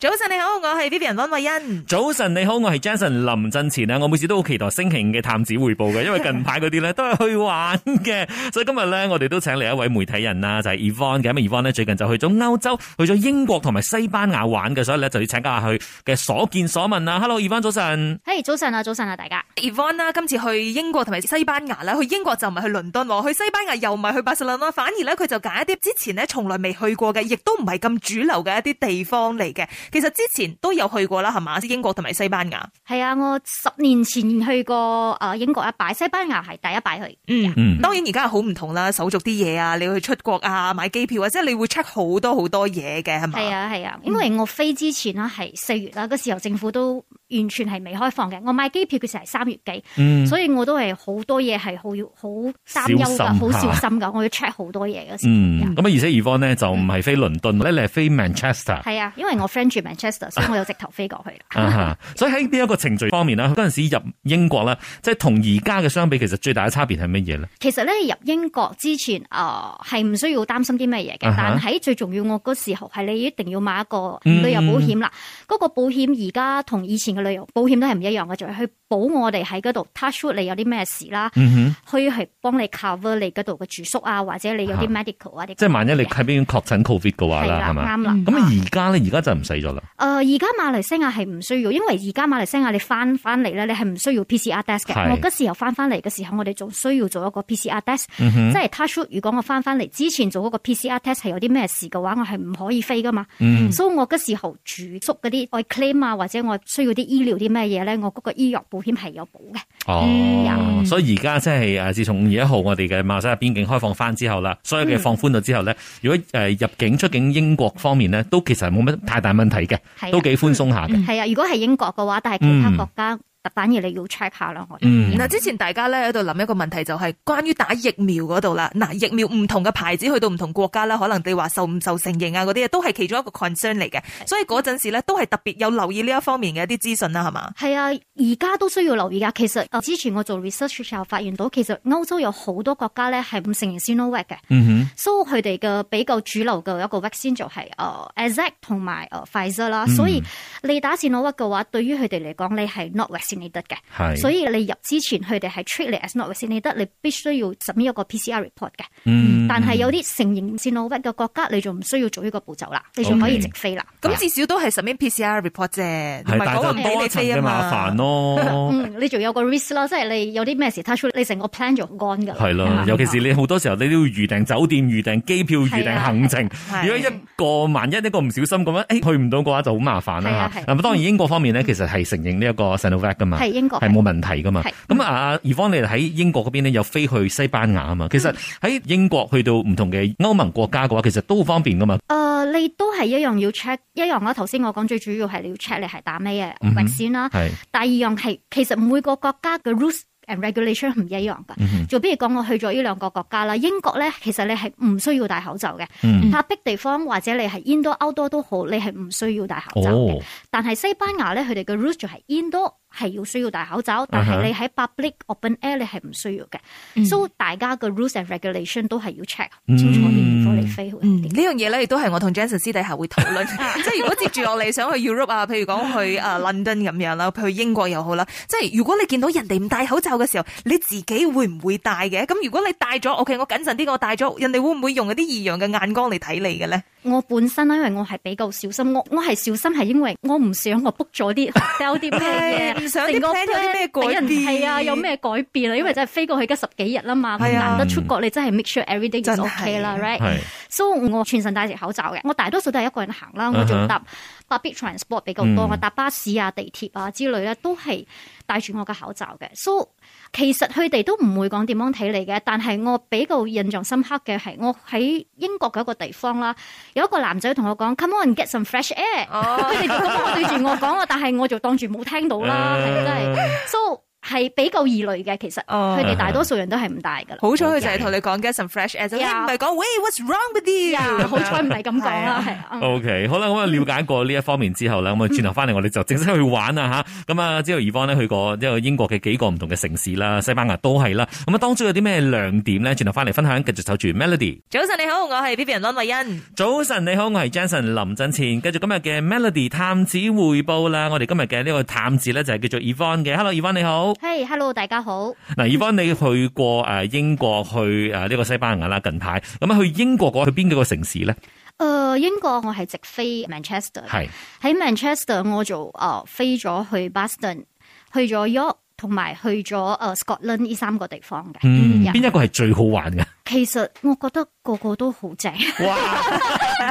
早晨你好，我係 Vivian 溫慧欣。早晨你好，我係 Jason 林振前啊！我每次都好期待星期五嘅探子回報嘅，因為近排嗰啲咧都係去玩嘅， 所以今日咧我哋都請嚟一位媒體人啦，就係、是、Evon 嘅。咁 Evon 最近就去咗歐洲，去咗英國同埋西班牙玩嘅，所以咧就要請教下佢嘅所見所聞啊 Hello, Evon，早晨。誒，hey，早晨啊，早晨啊，大家。Evon 啦，今次去英國同埋西班牙啦，去英國就唔係去倫敦，去西班牙又唔係去巴塞隆，反而咧佢就揀一啲之前呢，從來未去過嘅，亦都唔係咁主流嘅一啲地方嚟嘅。其實之前都有去過啦，係嘛？即係英國同埋西班牙。係啊，我十年前去過、啊、英國一、啊、擺，西班牙係第一擺去。嗯嗯，嗯當然而家係好唔同啦，手續啲嘢啊，你要去出國啊，買機票啊，即係你會 check 好多好多嘢嘅，係咪？係啊係啊，因為我飛之前啦係四月啦、啊，嗰時候政府都。完全係未開放嘅，我買機票嘅時候係三月幾，所以我都係好多嘢係好要好擔憂㗎，好小心㗎，我要 check 好多嘢嗰時。咁而且二番咧就唔係飛倫敦咧，你係飛 Manchester。係啊，因為我 friend 住 Manchester，所以我有直頭飛過去啦。啊哈，所以喺呢一個程序方面呢，嗰陣時入英國咧，即係同而家嘅相比，其實最大嘅差別係乜嘢咧？其實咧入英國之前，誒係唔需要擔心啲乜嘢嘅，但係最重要我嗰時候係你一定要買一個旅遊保險啦。嗰個保險而家同以前。旅遊保險都係唔一樣嘅，就係去保我哋喺嗰度，touch 你有啲咩事啦，嗯、去係幫你 cover 你嗰度嘅住宿啊，或者你有啲 medical 啊，即係萬一你喺邊確診 covid 嘅話啦，係啱啦。咁而家咧，而家、嗯啊、就唔使咗啦。誒、呃，而家馬來西亞係唔需要，因為而家馬來西亞你翻翻嚟咧，你係唔需要 PCR test 嘅。我嗰時候翻翻嚟嘅時候，我哋仲需要做一個 PCR test，即係 touch。Root, 如果我翻翻嚟之前做嗰個 PCR test 係有啲咩事嘅話，我係唔可以飛噶嘛。嗯、所以我嗰時候住宿嗰啲我要 claim 啊，或者我需要啲。醫療啲咩嘢咧？我嗰個醫藥保險係有保嘅。哦，嗯、所以而家即係誒，自從五月一號我哋嘅馬西亞邊境開放翻之後啦，所有嘅放寬咗之後咧，嗯、如果誒入境出境英國方面咧，都其實冇乜太大問題嘅，都幾寬鬆下嘅。係、嗯、啊，如果係英國嘅話，但係其他國家、嗯。反而你要 check 下啦，我。嗱、嗯，之前大家咧喺度諗一個問題，就係關於打疫苗嗰度啦。嗱、啊，疫苗唔同嘅牌子去到唔同國家啦，可能你話受唔受承認啊，嗰啲都係其中一個 concern 嚟嘅。所以嗰陣時咧，都係特別有留意呢一方面嘅一啲資訊啦，係嘛？係啊、嗯，而家都需要留意啊。其實、呃、之前我做 research 時候發現到，其實歐洲有好多國家咧係唔承認 Sinovac 嘅。嗯哼。所以佢哋嘅比較主流嘅一個 vaccine 就係誒 Astra 同埋誒 Pfizer 啦。嗯、所以你打 Sinovac 嘅話，對於佢哋嚟講，你係 not vaccine 你得嘅，所以你入之前，佢哋係 treat 你 as no vaccine，你得你必須要 submit 一個 PCR report 嘅。但係有啲承認 Sinovac 嘅國家，你就唔需要做呢個步驟啦，你就可以直飛啦。咁至少都係 submit PCR report 啫。係，但係唔俾你飛啊，麻煩咯。你仲有個 risk 咯，即係你有啲咩事你成個 plan 就 gone 噶。係咯，尤其是你好多時候你都要預訂酒店、預訂機票、預訂行程。如果一個萬一一個唔小心咁樣，誒去唔到嘅話就好麻煩啦。咁當然英國方面咧，其實係承認呢一個噶係英國，係冇問題噶嘛。咁啊，而方你喺英國嗰邊咧，又飛去西班牙啊嘛。其實喺英國去到唔同嘅歐盟國家嘅話，其實都好方便噶嘛。誒、呃，你都係一樣要 check 一樣啦、啊。頭先我講最主要係你要 check 你係打咩嘅苗先啦。係。第二樣係其實每個國家嘅 rules and regulation 唔一樣噶。就比、嗯、哼如講我去咗呢兩個國家啦，英國咧其實你係唔需要戴口罩嘅。壓、嗯、迫地方或者你係 indoor outdoor 都好，你係唔需要戴口罩、哦、但係西班牙咧，佢哋嘅 rules 就係 indo。係要需要戴口罩，但係你喺 public、uh huh. open air 你係唔需要嘅，所以、mm. so, 大家嘅 rules and regulation 都係要 check 清楚先可以飛。Mm. 嗯，這件事呢樣嘢咧，亦都係我同 Jason 私底下會討論。 即係如果接住落嚟想去 Europe 啊，譬如講去、啊、London 咁樣啦，啊、 譬如去英國又好啦，即係如果你見到人哋唔戴口罩嘅時候，你自己會唔會戴嘅？咁如果你戴咗，OK，我謹慎啲，我戴咗，人哋會唔會用一啲異樣嘅眼光嚟睇你嘅咧？我本身咧，因為我係比較小心，我我係小心係因為我唔想我 book 咗啲 hotel 啲咩，唔想啲咩改變，係啊，有咩改變啊？因為真係飛過去嘅十幾日啦嘛，啊、難得出國，你真係 make sure every day is okay 啦，right？所以我全身戴住口罩嘅，啊、我大多數都係一個人行啦，啊、我仲搭 b 八 B transport 比較多，我搭、嗯、巴士啊、地鐵啊之類咧都係。戴住我嘅口罩嘅，so 其實佢哋都唔會講點樣睇你嘅，但係我比較印象深刻嘅係我喺英國嘅一個地方啦，有一個男仔同我講，Come on, get some fresh air，佢哋咁樣對住我講啊，但係我就當住冇聽到啦，係 真係，so。係比較易累嘅。其實佢哋大多數人都係唔大噶啦。好彩佢就係同你講嘅 some fresh ads，即係唔係講喂 what's wrong with you？啊，好彩唔係咁講啦。OK，好啦，咁啊了解過呢一方面之後咧，咁啊轉頭翻嚟，我哋就正式去玩啦吓。咁啊之後，Yvonne 咧去過即係英國嘅幾個唔同嘅城市啦，西班牙都係啦。咁啊，當中有啲咩亮點咧？轉頭翻嚟分享，繼續守住 Melody。早晨你好，我係 Vivian 溫慧欣。早晨你好，我係 Jason 林振前。繼續今日嘅 Melody 探子匯報啦。我哋今日嘅呢個探子咧就係叫做 e Yvonne 嘅。Hello，Yvonne 你好。嘿、hey，Hello，大家好。嗱，如果你去過誒英國去誒呢個西班牙啦，近排咁去英國去邊幾個城市咧？誒，uh, 英國我係直飛 Manchester，係喺是 Manchester 我就誒飛咗去 Boston，去咗 York。同埋去咗 Scotland 呢三個地方嘅，邊、嗯、是一個係最好玩嘅？其實我覺得個個都好正。哇！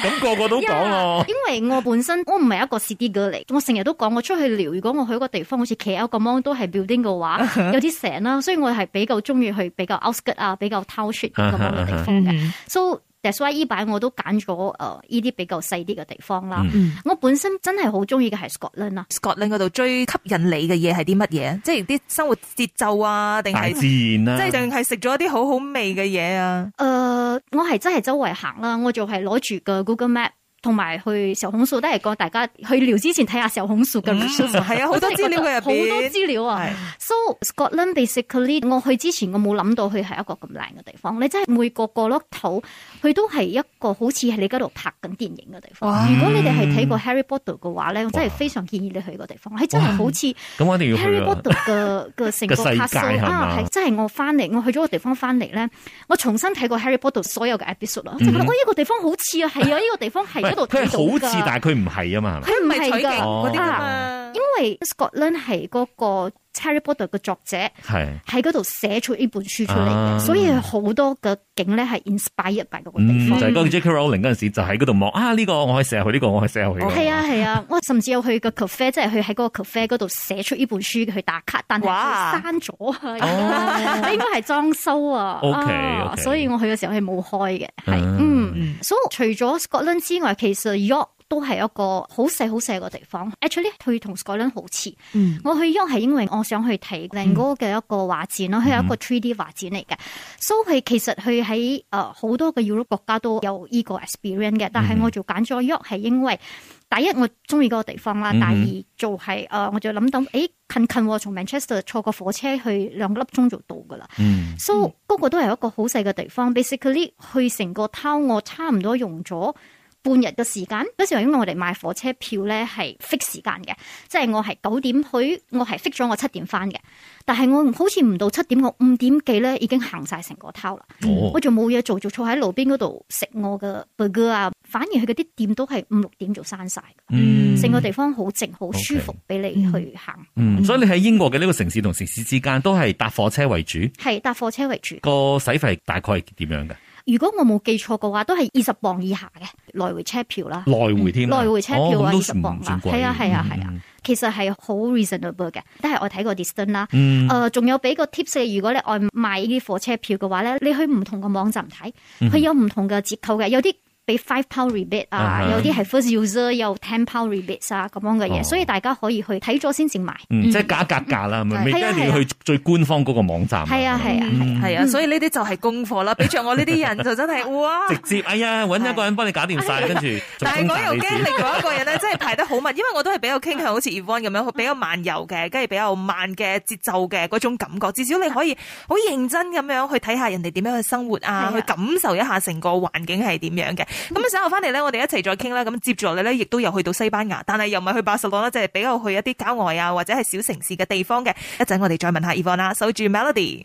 咁 個個都講啊，因為我本身我唔係一個 city girl 嚟，我成日都講我出去撩。如果我去一個地方，好似 KL 一個 mon 都係 building 嘅話，uh huh. 有啲成啦。所以我係比較中意去比較 outskirt 啊，比較 township 咁樣嘅地方嘅。Uh huh. So 所以依擺我都揀咗誒依啲比較細啲嘅地方啦。嗯、我本身真係好中意嘅係 Scotland 啦。Scotland 嗰度最吸引你嘅嘢係啲乜嘢？即係啲生活節奏啊，定係自然還啊？即係淨係食咗一啲好好味嘅嘢啊？誒，我係真係周圍行啦，我就係攞住個 Google Map。同埋去石控樹都係講大家去聊之前睇下石控樹嘅 research 係啊，好多資料好多資料啊。So Scotland basically，我去之前我冇諗到佢係一個咁靚嘅地方，你真係每個角落頭佢都係一個好似係你而家度拍緊電影嘅地方。哇！如果你哋係睇過 Harry Potter 嘅話咧，我真係非常建議你去一個地方，係真係好似咁，我一定要 Harry Potter 嘅嘅成個拍攝！啊！係真係我翻嚟，我去咗個地方翻嚟咧，我重新睇過 Harry Potter 所有嘅 episode 啦，我覺得呢個地方好似啊，係啊，呢個地方係。佢係好似，但係佢唔係啊嘛，係咪，佢唔係嘅，因為 Scotland 係嗰個。Harry Potter 嘅作者係喺嗰度寫出呢本書出嚟、啊、所以好多嘅景咧係 inspire by 嗰個地方。嗯、就係、是、嗰個 J.K. Rowling 嗰陣時就喺嗰度望啊，呢、這個我可以成日去，呢、這個我可以寫佢。係啊係啊，是啊 我甚至有去，個 cafe，就是去在那個 cafe，即係去喺嗰個 cafe 嗰度寫出呢本書去打卡，但係關咗，應該係裝修啊。 OK，okay。所以我去嘅時候係冇開嘅，係嗯。嗯，所以除咗 Scotland 之外，其實 York 都係一個好細好細個地方，actually 佢同 Scotland 好似。我去 York 係因為我想去睇 Van Gogh 嘅一個畫展咯，佢有、嗯、一個 3D 畫展嚟嘅。So 佢其實佢喺誒好多嘅 Europe 國家都有呢個 experience 嘅，但係我就揀咗 York 係因為第一我中意嗰個地方啦，嗯、第二就係、是、誒、呃、我就諗到，誒、欸、近近，從 Manchester 坐個火車去兩粒鐘就到噶啦、so, 嗯。嗯、so 嗰個都係一個好細嘅地方，Basically 去成個 town 我差唔多用咗半日嘅時間，嗰時因為我哋買火車票咧係 fix 時間嘅，即係我係九點去，我係 fix 咗我七點翻嘅。但係我好似唔到七點，我五點幾咧已經行晒成個套啦。哦、我仲冇嘢做，就坐喺路邊嗰度食我嘅 burger 啊。反而佢嗰啲店都係五六點就閂晒，成、嗯、個地方好靜好舒服，俾 okay 你去行。嗯嗯、所以你喺英國嘅呢個城市同城市之間都係搭火車為主，係搭火車為主。個使費大概係點樣嘅？如果我冇記錯嘅話，都係二十磅以下嘅來回車票啦，來回添，來回車票20、哦、算唔算貴啊？二十磅，係啊係啊係啊，啊啊嗯、其實係好 reasonable 嘅，都係我睇過 discount 啦。誒，仲有俾個 tips 如果你外賣呢啲火車票嘅話咧，你去唔同嘅網站睇，佢有唔同嘅折扣嘅，嗯、哼有啲俾 five pound rebate 啊，有啲係 first user 有 ten pound rebate 啊，咁樣嘅嘢，所以大家可以去睇咗先至買，即係假價格啦。未必係去最官方嗰個網站。係啊係啊係啊，所以呢啲就係功課啦。比着我呢啲人就真係哇，直接哎呀揾一個人幫你搞掂晒，跟住。但係我又驚另外一個人咧，真係排得好密，因為我都係比較傾向好似 Evan 咁樣比較漫遊嘅，跟住比較慢嘅節奏嘅嗰種感覺，至少你可以好認真咁樣去睇下人哋點樣去生活啊，去感受一下成個環境係點樣嘅。咁啊， 稍後翻嚟呢，我哋一齊再傾啦。咁接住落嚟呢，亦都有去到西班牙，但係又唔係去巴塞羅拿呢，即係比較去一啲郊外啊，或者係小城市嘅地方嘅。一陣我哋再問下 Yvonne 啦，守住 Melody。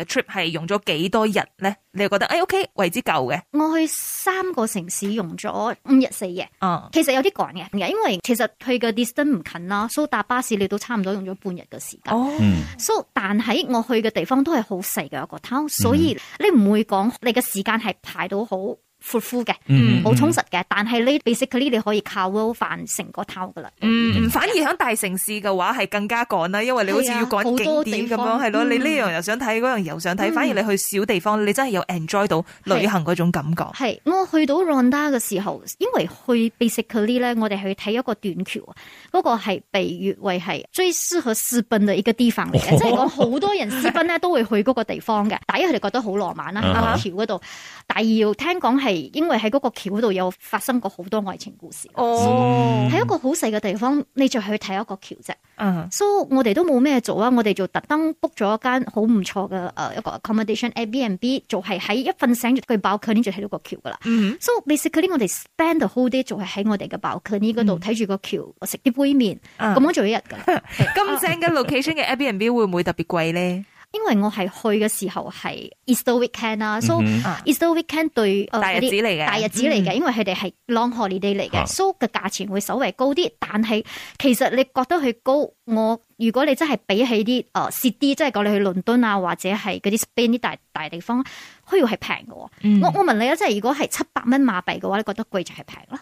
trip 係用咗幾多日咧？你又覺得誒、哎、OK 為之夠嘅？我去三個城市用咗五日四夜，嗯，其實有啲趕嘅，因為其實去嘅 distance 唔近啦，所以搭巴士你都差唔多用咗半日嘅時間。哦，所、so，但係我去嘅地方都係好細嘅一個 town，所以你唔會講你嘅時間係排到好。闊闊嘅，好、嗯、充實嘅，但係你 basically 你可以靠 walk 飯成個 town 噶啦。嗯嗯，反而喺大城市嘅話係更加趕啦，因為你好似要趕景點咁、啊、樣，係咯了。嗯、你呢樣又想睇，嗰樣又想睇，嗯、反而你去小地方，你真係有 enjoy 到旅行嗰種感覺。係我去到 Ronda 嘅時候，因為去 basically 咧，我哋去睇一個斷橋，嗰、那個係被譽為係最適合私奔嘅一個地方嚟嘅，即係講好多人私奔咧都會去嗰個地方嘅。 第一，佢哋覺得好浪漫啦，橋度、uh huh.；第二，聽講係。因為喺嗰個橋度有發生過好多愛情故事，喺、oh. 一個好細嘅地方，你就去睇一個橋啫。Uh huh. 所以我哋都冇咩做啊，我哋就特登 book 咗一間好唔錯嘅誒一個 accommodation Airbnb，就係喺一瞓醒就去 balcony 就睇到、uh huh. 個橋噶啦。So 你食嗰啲我哋 spend 好啲，uh huh. 就係喺我哋嘅 balcony 嗰度睇住個橋，食啲杯麵，咁樣做一日噶。咁正嘅 location 嘅 Airbnb 會唔會特別貴咧？因為我係去嘅時候係 Easter weekend 啊、嗯、哼所以 Easter weekend 對嗰啲大日子嚟嘅，嗯、因為佢哋係 long holiday 嚟嘅，嗯、所以嘅價錢會稍微高啲。但係其實你覺得佢高，我如果你真係比起啲誒 city 即係講你去倫敦啊，或者係嗰啲 Spain 啲大大地方，佢要係平嘅。嗯、我我問你啊，即係如果係七百蚊馬幣嘅話，你覺得貴就係平啦？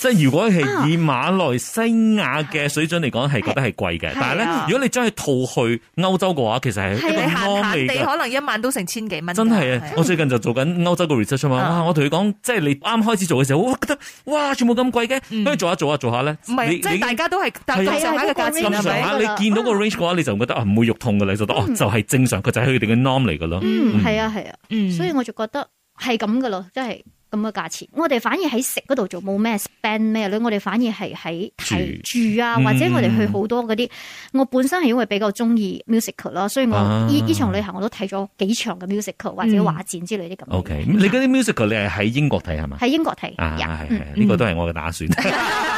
即係如果係以馬來西亞嘅水準嚟講，係覺得係貴嘅。但係咧，如果你將佢套去歐洲嘅話，其實係一個 norm 嚟嘅。下下地可能一萬都成千幾蚊。真係啊！我最近就做緊歐洲嘅 research 啊嘛。哇！我同你講，即係你啱開始做嘅時候，我覺得哇，全部咁貴嘅。跟住做下做下做下咧，即係大家都係但下個 range 嘅。正常你見到個 range 嘅話，你就覺得唔會肉痛嘅。你就覺得哦，就係正常，佢就係佢哋嘅 norm 嚟嘅咯。嗯，係啊，係啊。所以我就覺得係咁嘅咯，即係。咁嘅價錢，我哋反而喺食嗰度做冇咩 spend 咩咧，我哋反而係喺睇住啊，住嗯、或者我哋去好多嗰啲，我本身係因為比較中意 musical 咯，所以我依依、啊、場旅行我都睇咗幾場嘅 musical 或者畫展之類啲咁。嗯、o、okay，K，、嗯、你嗰啲 musical 你係喺英國睇係嘛？喺英國睇啊，係，呢個都係我嘅打算。嗯嗯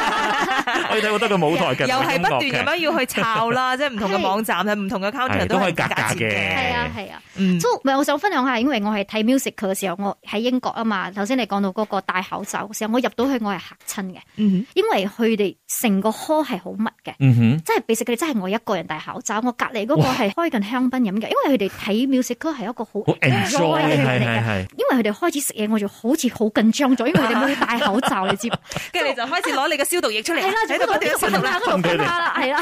可以睇得個舞台嘅，又係不斷咁樣要去抄啦，即係唔同嘅網站，係唔同嘅 culture 都可以隔隔嘅。係啊係啊，嗯，係我想分享下，因為我係睇 music 嘅時候，我喺英國啊嘛。頭先你講到嗰個戴口罩嘅時候，我入到去我係嚇親嘅，因為佢哋成個 hall 係好密嘅，嗯哼，即係其實佢哋真係我一個人戴口罩。我隔離嗰個係開緊香檳飲嘅，因為佢哋睇 music 都係一個好因為佢哋開始食嘢，我就好似好緊張咗，因為佢哋冇戴口罩，你知唔？跟住你就開始攞你嘅消毒液出嚟，我哋下啦，係啦，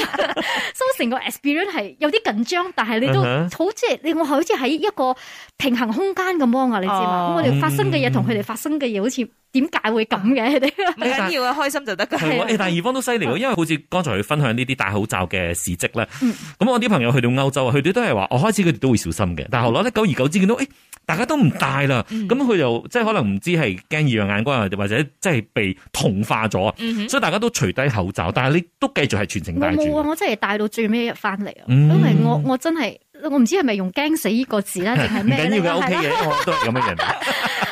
所以成個 experience 係有啲緊張，但係你都好即係你我好似喺一個平衡空間咁樣啊，uh huh. 你知嘛？我哋發生嘅嘢同佢哋發生嘅嘢好似。點解會咁嘅？唔緊要啊，開心就得。係，誒，但係二方都犀利，因為好似剛才佢分享呢啲戴口罩嘅事蹟啦。咁我啲朋友去到歐洲啊，佢哋都係話，我開始佢哋都會小心嘅，但係後來咧，久而久之見到，誒，大家都唔戴啦。咁佢就即係可能唔知係驚異樣眼光或者即係被同化咗，所以大家都除低口罩。但係你都繼續係全程戴住。我冇啊，我真係戴到最尾一日翻嚟啊，因為我我真係我唔知係咪用驚死呢個字咧，定係咩咧？唔緊要嘅，O K 嘅，我都係咁嘅人。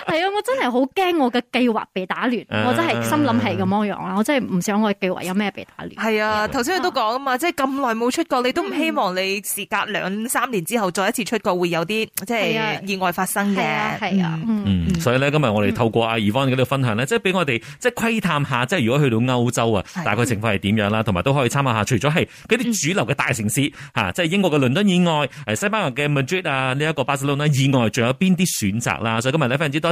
係啊，我真係好驚我嘅計劃被打亂，我真係心諗係咁樣樣啦，我真係唔想我嘅計劃有咩被打亂。係啊，頭先你都講啊嘛，即係咁耐冇出國，你都唔希望你時隔兩三年之後再一次出國會有啲即係意外發生嘅。係啊，嗯，所以咧今日我哋透過 Yvonne 嘅呢個分享咧，即係俾我哋即係窺探下，即係如果去到歐洲啊，大概情況係點樣啦，同埋都可以參考下，除咗係嗰啲主流嘅大城市吓，即係英國嘅倫敦以外，西班牙嘅 Madrid 啊呢一個 Barcelona 以外，仲有邊啲選擇啦？所以今日咧非常之多。